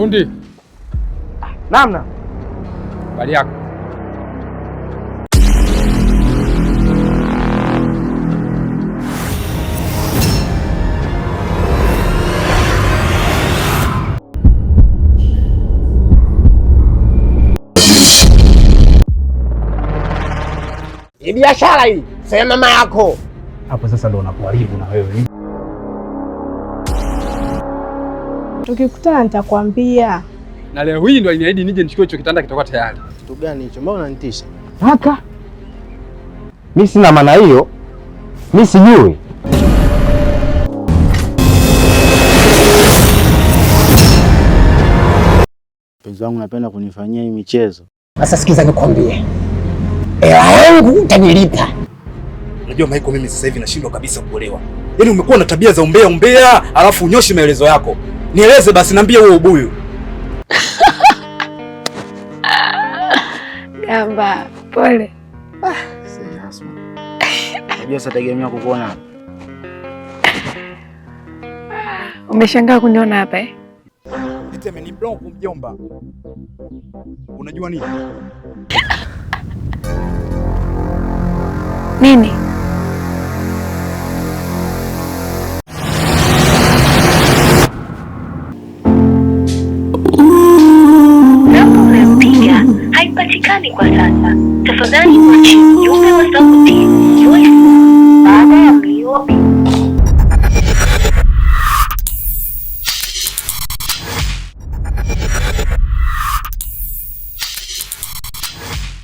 Fundi. Namna. Bali yako. Ni biashara hii. Sema mama yako. Hapo sasa ndo unakuharibu na wewe. Tukikutana nitakwambia. Na leo hii ndo aliniahidi nije nichukue hicho kitanda kitakuwa tayari. Kitu gani hicho? Mbona unanitisha? Haka. Mimi sina maana hiyo. mi sijui. Mpenzi wangu napenda kunifanyia hii michezo. Sasa sikiza nikwambie. Hela yangu utanilipa. Unajua Maiko, mimi sasa hivi nashindwa kabisa kuolewa. Yaani umekuwa na tabia za umbea umbea, alafu unyoshi maelezo yako. Nieleze basi, niambie huo ubuyu. Gamba, pole. Ah, Unajua sitategemea kukuona hapa. Umeshangaa kuniona hapa eh? Niteme ni blanc mjomba. Unajua nini? Nini? hapatikani kwa sasa. Tafadhali kuachia ujumbe wa sauti.